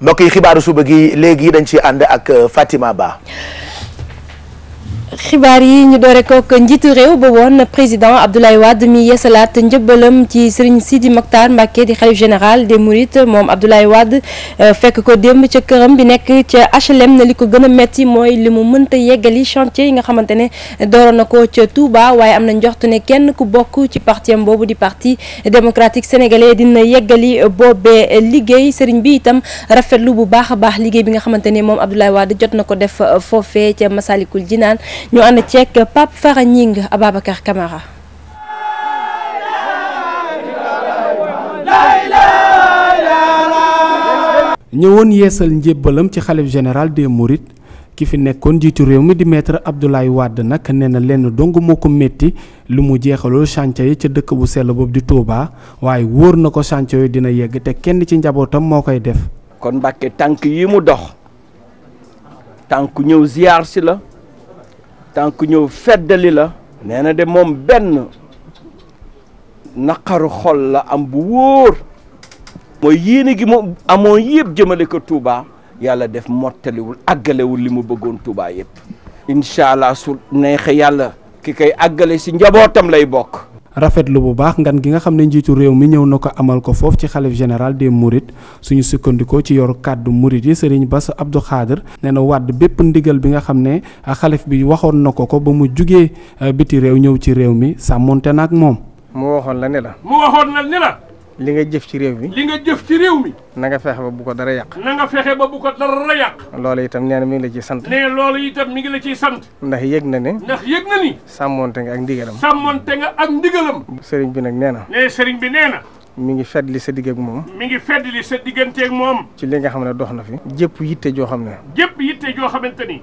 mbokk yi xibaaru suba gi léegi dañ ci ànd ak euh, Fatima Ba xibaar yi ñu doore kook njiitu réew ba woon président Abdoulaye Wade mi yeesalaat njëbbalam ci sëriñ Sidi Mokhtar Mbacké di xalif général des Mourides moom Abdoulaye Wade euh, fekk ko démb ca këram bi nekk ca HLM na li ko gën a metti mooy li mu mënta yeggali chantier yi nga xamante ne dooroon na ko ca Touba waaye am na njort ne kenn ku bokk ci partiam boobu di parti démocratique sénégalais dina yeggali boobee liggéey sëriñ bi itam rafetlu bu baax a baax liggéey bi nga xamante ne moom Abdoulaye Wade jot na ko def euh, foofee ca Masalikul Jinaan ñu ànd ceeg Pape ñëwoon yeesal njébbalam ci xalif général des Mourides ki fi nekkoon njiitu réew mi di maître Abdoulaye Wade nag nee na lenn dong moo ko métti lu mu jeexaloo chantier yi ca dëkk bu sell boobu di Touba waaye wóor na ko chantier yi dina yegg te kenn ci njabootam moo koy def. kon Mbàkke tànk yi mu dox tànk ñëw ziar si la. tànk ñëw feddali la nee na dem moom benn naqaru xol la am bu wóor mooy yéene gi moom amoon yëpp jëmale ko Touba yàlla def mottaliwul àggalewul li mu bëggoon Touba yëpp incha allah su neexee yàlla ki koy àggale si njabootam lay bokk rafetlu bu baax ngan gi nga xam ne njiitu réew mi ñëw na ko amal ko foofu ci xalif général des murit suñu sukkandikoo ci yoru kàddu Mouride yi Serigne Bass Abdou Khader nee na wàdd bépp ndigal bi nga xam ne ah, xalif bi waxoon na ko ko ba mu jugee ah, biti réew ñëw ci réew mi sàmmoonte na ak moom. mu waxoon la ne la. li nga jëf ci réew mi. li nga jëf ci réew mi. fexe ba bu ko dara yàq. na fexe ba bu ko dara yàq. loolu itam nee na mi ngi la ciy sant. ne loolu itam mi ngi la ciy sant. ndax yëg na ne. ndax yëg na ni. sàmmonte nga ak ndigalam. sàmmonte nga ak ndigalam. sëriñ bi nag nee na. ne sëriñ bi nee na. mi ngi fàttali sa digg moom. mi ngi fàttali sa diggante moom. ci li nga xam ne dox na fi. jépp yitte joo xam ne. jëpp yitte joo xamante ni.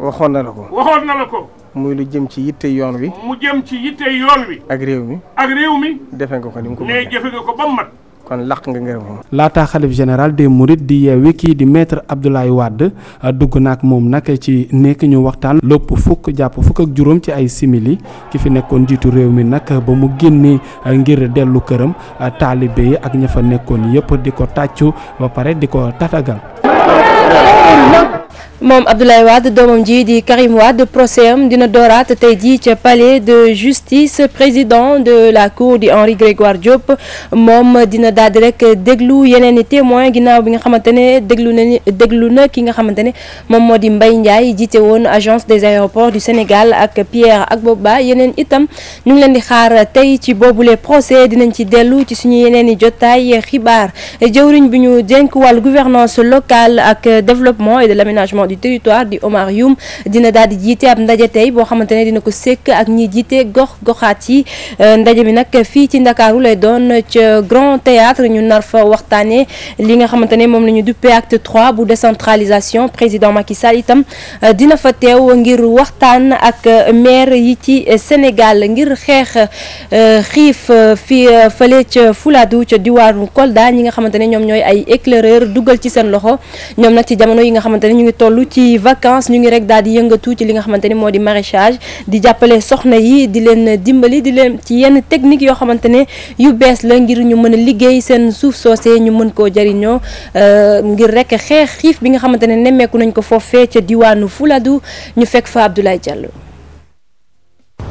waxoon na la ko. waxoon na la ko. muy lu jëm ci yitte yoon wi. mu jëm ci yitte yoon wi. ak réew mi. ak réew mi. defe nga ko ni mu ko bëggee. nee jëfe nga ko ba mat. kon laq nga ngërëm moom. laataa xalif général des Mourides kii di maître Abdoulaye Wade euh, dugg naag moom nag ci nekk ñu waxtaan. lépp fukk jàpp fukk ak juróom ci ay simili ki fi nekkoon jiitu réew mi nag ba mu génnee euh, ngir dellu këram euh, taalibe ak ña fa nekkoon yépp di ko tàccu ba pare di ko tatagal. moom Abdoulaye Wade doomam ji di Karim Wade procès am dina dooraat tey jii ca palais de justice président de la cour di Henri Grégoire Diop moom dina daal di rek déglu yeneen i témoins ginnaaw bi nga xamante ne déglu na déglu na ki nga xamante ne moom moo di Mbaye Ndiaye jiite woon agence des aéroports du Sénégal ak Pierre ak Boba yeneen itam ñu ngi leen di xaar tey ci boobu boobule procès dinañ ci dellu ci suñu yeneen i jotaay xibaar jëwriñ bi ñu dénk wàllu gouvernance locale ak développement et de l'aménagement développement du territoire du Omar Youm dina daal di jiite ab ndaje tey boo xamante ne dina ko sekk ak ñi jiite gox goxaat yi euh, ndaje bi nag fii ci Ndakaaru lay doon ca Grand Théâtre ñu nar fa waxtaanee li nga xamante ne moom lañu ñu duppee acte 3 bu décentralisation président Macky Sall itam euh, dina fa teew ngir waxtaan ak euh, maire yi ci Sénégal ngir xeex xiif fi fële ca Fuladu ca diwaanu Kolda ñi nga xamante ne ñoom ñooy ay éclaireur dugal ci seen loxo ñoom nag ci lu ci vacance ñu ngi rek daal di yëngatu ci li nga xamante ni moo di maraichage di jàppale soxna yi di leen dimbali di leen ci yenn technique yoo xamante ne yu bees la ngir ñu mën a liggéey seen suuf soosee ñu mën koo jëriñoo euh, ngir rek xeex xiif bi nga xamante ne nemmeeku nañ ko foofee ca diwaanu Fuladu ñu fekk fa Abdoulaye Diallo.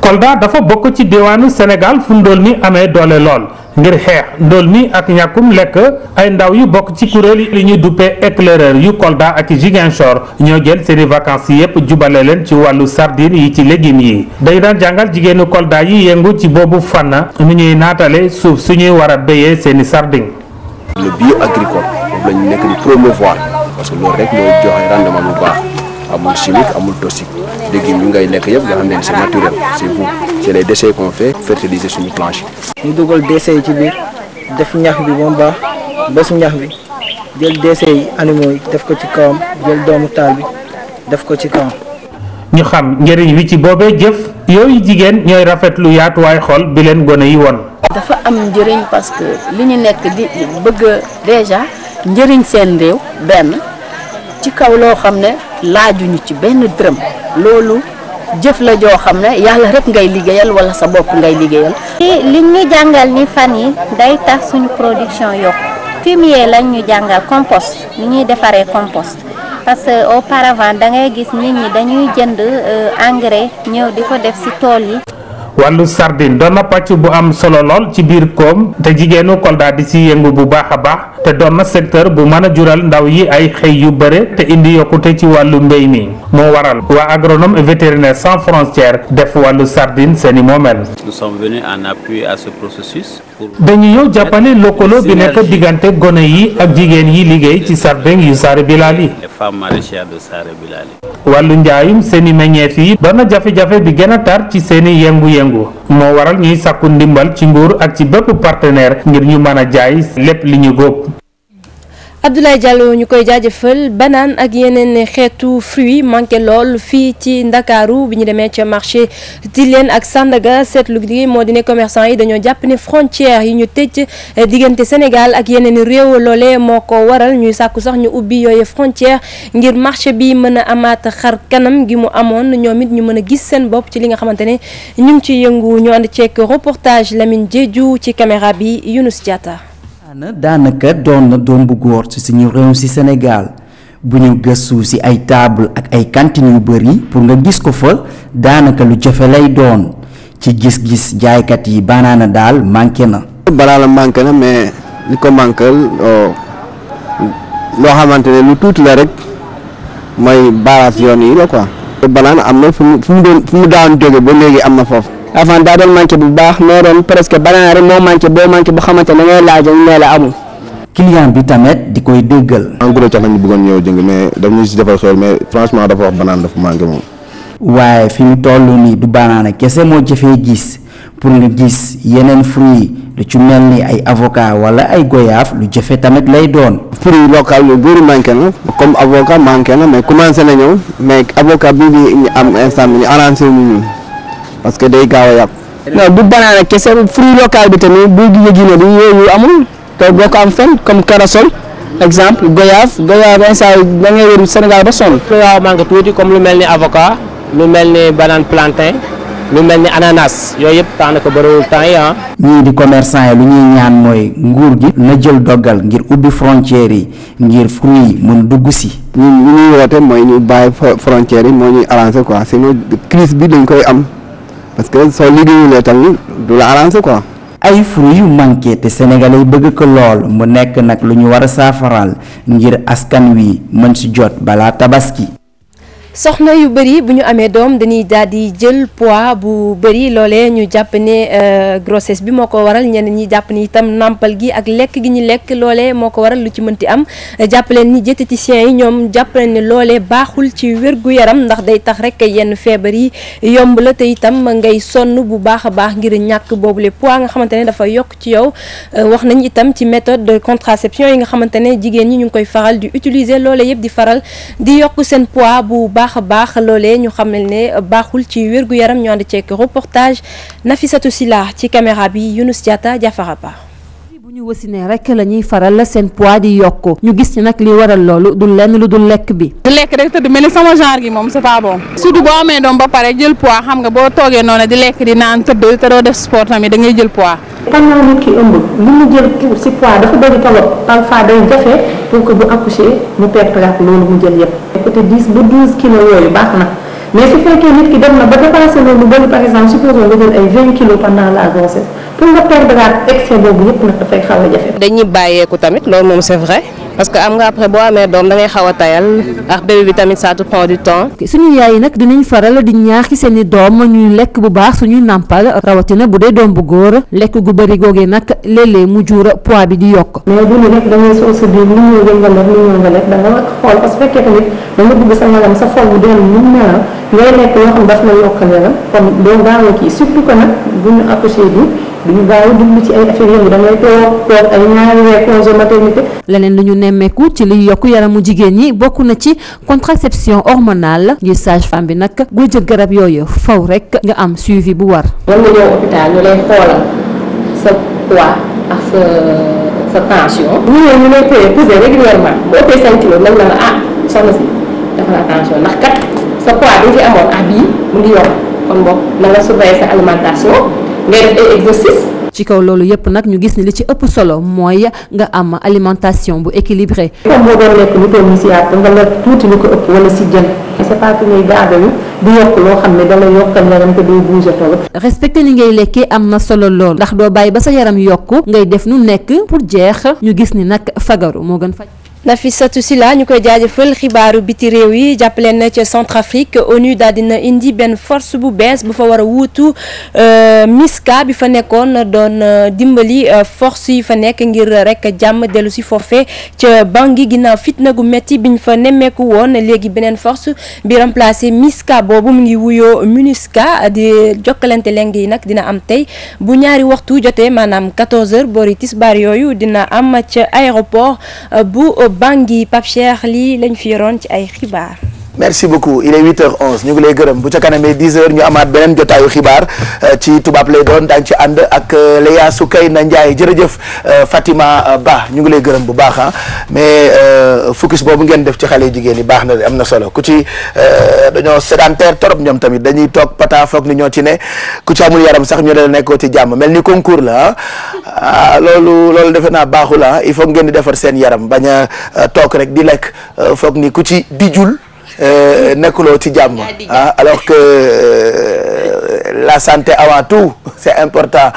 Kolda dafa bokk ci diwaanu Sénégal fu ndóol mi amee doole lool ngir xeex ndóol mi ak ñàkkum lekk ay ndaw yu bokk ci kuréel yi li ñuy duppee éclaireur yu Kolda ak Ziguinchor ñoo jël seeni vacances yi yépp jubale leen ci wàllu sardine yi ci légumes yi dañu daan jàngal jigéenu Kolda yi yëngu ci boobu fànn nu ñuy naatale suuf suñuy war a béyee seeni sardine. le bio agricole lañu nekk di promouvoir parce que loolu rek mooy joxe rendement bu baax. amul chimique amul toxique légumes yu ngay lekk yëpp nga xam ne c'est naturel c'est vous c'est les déchets qu'on fait fertiliser suñu planche ñu dugal déchets yi ci biir def ñax bi ba mu baax ñax bi jël déchets yi animaux yi def ko ci kawam jël doomu taal bi def ko ci kawam. ñu xam njëriñ wi ci boobee jëf yooyu jigéen ñooy lu yaatu waaye xol bi leen gone yi woon. dafa am njëriñ parce que li ñu nekk di bëgg déjà njëriñ seen réew benn. ci kaw loo xam ne laajuñu ci benn dërëm loolu jëf la joo xam ne yàlla rek ngay liggéeyal wala sa bopp ngay liggéeyal. li li ñu jàngal ni fan yi day tax suñu production yokk fumier lañ ñu jàngal compost ni ñuy defaree compost parce que auparavant da ngay gis nit ñi dañuy jënd euh, engrais ñëw di ko def ci tool yi. wàllu sardine doon na pàcc bu am solo lool ci biir koom te jigéenu Kolda di si yëngu bu baax a baax te doon na secteur bu mën a jural ndaw yi ay xëy yu bëre te indi yokkute ci wàllu mbéy mi moo waral waa agronome vétérinaire sans frontières def wàllu sardine seeni moomeel. nous sommes venus en appui à dañu ñëw jàppale lëkkaloo bi nekk diggante gone yi ak jigéen yi liggéey ci sardine yu saare bilaal yi femme maraîchère de Saare Bilali wàllu njaayum seeni meññeef yi doon na jafe-jafe bi gën a tar ci seeni yëngu-yëngu moo waral ñuy sàkku ndimbal ci nguur ak ci bëpp partenaire ngir ñu mën a jaay lépp li ñu góob Abdoulaye Diallo ñu koy jaajëfal banaan ak yeneen xeetu fruit manqué lool fii ci Ndakaaru bi ñu demee ca marché Tilène ak Sandaga seetlu gi moo di ne commerçant yi dañoo jàpp ne frontière yi ñu tëj diggante Sénégal ak yeneen réew loole moo ko waral ñuy sàkku sax ñu ubbi yooyu frontière ngir marché bi mën a amaat xar kanam gi mu amoon ñoom it ñu mën a gis seen bopp ci li nga xamante ne ñu ngi ci yëngu ñu ànd ceeg reportage Lamine Diédhiou ci caméra bi Younous Diatta na daanaka doon na doom bu góor ci suñu réew si Sénégal bu ñu gëstu si ay table ak ay cantine yu bëri pour nga gis ko fa daanaka lu jafe lay doon ci gis-gis jaaykat yi banaana daal manqué na. banaana manqué na mais li ko manqué oh, loo xamante ne lu tuuti la rek mooy baaraas yoon yi la quoi. banaan am na fu mu fu mu daan jóge ba léegi am na foofu. avant daa doon manqué bu baax mais ren presque banaan rek moo manqué boo manqué bu xamante ne ngay laaj ñu ne la amul. client bi tamit di koy déggal. en gros cax nañu bëggoon ñëw jëng mais daf ñu si defal xool mais franchement dafa wax banaan dafa manqué moom. waaye fi mu toll nii du banaan kese moo jafee gis pour nga gis yeneen fruits lu ci mel ni ay avocat wala ay goyaaf lu jafe tamit lay doon. fruits local yu bëri manqué na comme avocat manqué na mais commencé na ñëw mais avocat bi ñu am instant bi ñu arrangé parce que day gaaw a yàqu. non du banaana kese fruit local bi tamit bu yëgi ne bi yooyu amul te boo ko am fenn comme corossol exemple goyave goyave instant yii da Sénégal ba sonn. waaw lu mel ni avocat lu mel ni banane plantain lu mel ni ananas yooyu yëpp daanaka bëriwul temps yi ah. di commerçant yi lu ñuy ñaan mooy nguur gi. na jël dogal ngir ubbi frontières yi ngir fruits yi mën dugg si. ñun ñuy woote mooy ñu bàyyi frontières yi moo ñuy arrangé bi dañ koy am. parce que soo liggéeyulee tamit du la arrangé quoi. ay fruits yu manqué te sénégalais bëgg ko lool mu nekk nag lu ñu war a saafaraal ngir askan wi mën ci jot balaa tabaski. soxna yu bëri bu ñu amee doom dañuy daal di jël poids bu bëri loolee ñu jàpp ne euh, grossesse bi moo ko waral ñenn ñi jàpp ni itam nàmpal gi ak lekk gi ñu lekk loolee moo ko waral lu ci mënti am jàpp leen ni diététiciens yi ñoom jàpp leen ne loolee baaxul ci wér-gu-yaram ndax day tax rek yenn feebar yi yomb la te itam ngay sonn bu baax a baax ngir ñàkk boobu boobule poids nga xamante ne dafa yokk ci yow euh, wax nañ itam ci méthode de contraception yi nga xamante ne jigéen ñi ñu ngi koy faral di utiliser loole yëpp di faral di yokk seen poids bu baax baax a baax loolee ñu xam ne baaxul ci wér gu yaram ñu ànd ceeg reportage Nafissatou Sylla ci caméra bi Younous Diatta Diafara Ba ñu wasinee rek la ñuy faral la seen poids di yokku ñu gis ñi nag li waral loolu du lenn lu dul lekk bi. di lekk rek te mel ni sama genre gi moom c'est pas bon. surtout boo amee doom ba pare jël poids xam nga boo toogee noonu di lekk di naan tëdd doo def sport tamit da jël poids. pendant nit ki ëmb li mu jël ci poids dafa bëri trop parfois day jafe pour que bu accoucher mu perte ak loolu mu jël yëpp. peut-être 10 ba 12 kilos yooyu baax na mais su fekkee nit ki dem na pour nga perdre excès boobu yëpp nag dafay xaw a jafe. dañuy bàyyeeku tamit loolu moom c'est vrai parce que am nga après boo amee doom da xaw a tayal ndax bébé bi tamit ça te prend du temps. suñu yaay yi nag dinañ faral di ñaax ki seen i doom ñuy lekk bu baax suñuy nàmpal rawatina bu dee doom bu góor lekk gu bëri googee nag léeg-léeg mu juur poids bi di yokk. mais bu ñu nekk da ngay soosu di nu ñu yëngal ak nu ñu yëngal ak xool parce fekkee tamit da nga sa yaram sa forme doon nu mu mel lekk loo xam daf a kii duñu gaaw dugg ci ay affaire yëngu damay toog toog ay ñaari weer congé maternité. leneen lu ñu nemmeeku ci liy yokk yaramu jigéen ñi bokk na ci contraception hormonale ngir sage-femme bi nag boo jël garab yooyu faw rek nga am suivi bu war. ñu lay xoolal sa régulièrement bu ëppee cinq kilos nag na la ah soxna si dafa tension ndax kat sa poids bi fi amoon ah bii mu ngi yor kon boog na nga surveiller sa alimentation. nga exercice ci kaw loolu yëpp nag ñu gis ni li ci ëpp solo mooy nga am alimentation bu équilibrée. comme moo doon lekk lu toll si yàpp nga lekk tuuti lu ko ëpp wala si jën. c'est pas que ngay gaadalu di yokk loo xam ne dala yokkal yaram te doo bouger trop. respecté ni ngay lekkee am na solo lool ndax doo bàyyi ba sa yaram yokk ngay def nu nekk pour jeex ñu gis ni nag fagaru moo gën faj. na Nafissatou Sylla ñu koy jaajëfal xibaaru biti réew yi jàppaleen na ca Centrafrique ONU daal dina indi benn force bu bees bu fa war a wuutu euh, miska bi fa nekkoon doon euh, dimbali euh, force yi fa nekk ngir rek jàmm dellu si foofee ca Bangui ginnaaw fitna gu métti biñ fa nemmeeku woon léegi beneen force bi remplacé MISCA boobu mu ngi wuyoo MINUSCA di jokkalante leng yi nag dina am tey bu ñaari waxtu jotee maanaam 14h boori tisbaar yooyu dina am ca aéroport bu. baa ngi Pape Cheikh lii lañu fi yoroon ci ay xibaar. merci beaucoup il est 8h11 ñu ngi lay gërëm bu ca kanamee 10h ñu amaat beneen jotaayu xibaar euh, ci tubaab lay doon daañu ci ànd ak euh, Leya Soukeyna Ndiaye jërëjëf euh, Fatima baax ñu ngi lay gërëm bu baax ah mais fukkis boobu ngeen def ci xale jigéen yi baax na am na solo ku ci dañoo sédentaire trop ñoom tamit dañuy toog pata foog ni ñoo ci ne ku ci amul yaram sax ñu ne nekkoo ci jàmm mel ni concours la ah. ah loolu loolu defe naa baaxul ah il faut ngeen di defar seen yaram bañ a toog rek di lekk foog ni ku ci di jul Euh, nekkuloo ci jàmm ah alors que euh, la santé avant tout c'est important